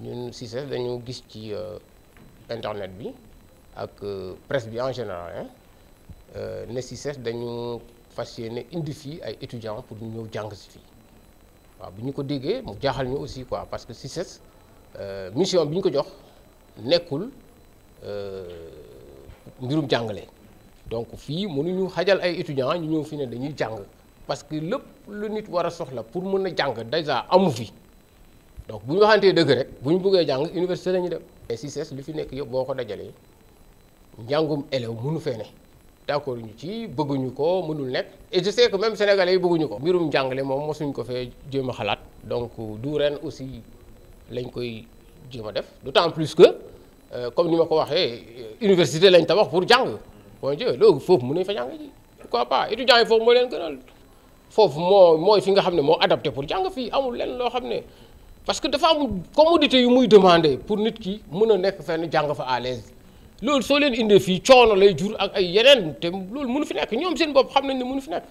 ñun CICES dañu gis ci euh, internet bi ak euh, presse bi en général euh, ne CICES dañu fas yéene indi fii ay étudiants pour ñu ñëw jàng si fii waaw bu ñu ko déggee mu jaaxal ñu aussi quoi parce que CICES mission bi ñu ko jox nekkul mbirum jàngale donc fii ñu xajal ay étudiants ñu ñëw fi ne dañuy jàng parce que lépp lu nit war a soxla pour mën a jàng déjà amu fi. donc bu ñu waxantee dëgg rek bu ñu buggee jàng université la ñu dem et CICES li fi nekk yëpp boo ko dajalee njàngum élève mënu fee ne d'accord ñu ci bëgguñu ko mënul nekk et je sais que même yi bëgguñu ko mbirum njàngale moom mosuñ ko fee jéem xalaat donc du ren aussi lañ koy jéem a def d'autant plus que euh, comme ni ma ko waxee université lañ tabax pour jàng bon Dieu loolu foofu mën nañ fa jàng ji pourquoi pas étudiants yi foofu moo leen gënal foofu moo mooy fi nga xam ne moo adapté pour jàng fii amul leen loo xam ne parce que dafa am commodité yu muy demandé pour nit ki mën a nekk fenn jàng fa à l'aise loolu soo leen indee fii coono lay jur ak ay yeneen te loolu mënu fi nekk ñoom seen bopp xam nañ ne mënu fi nekk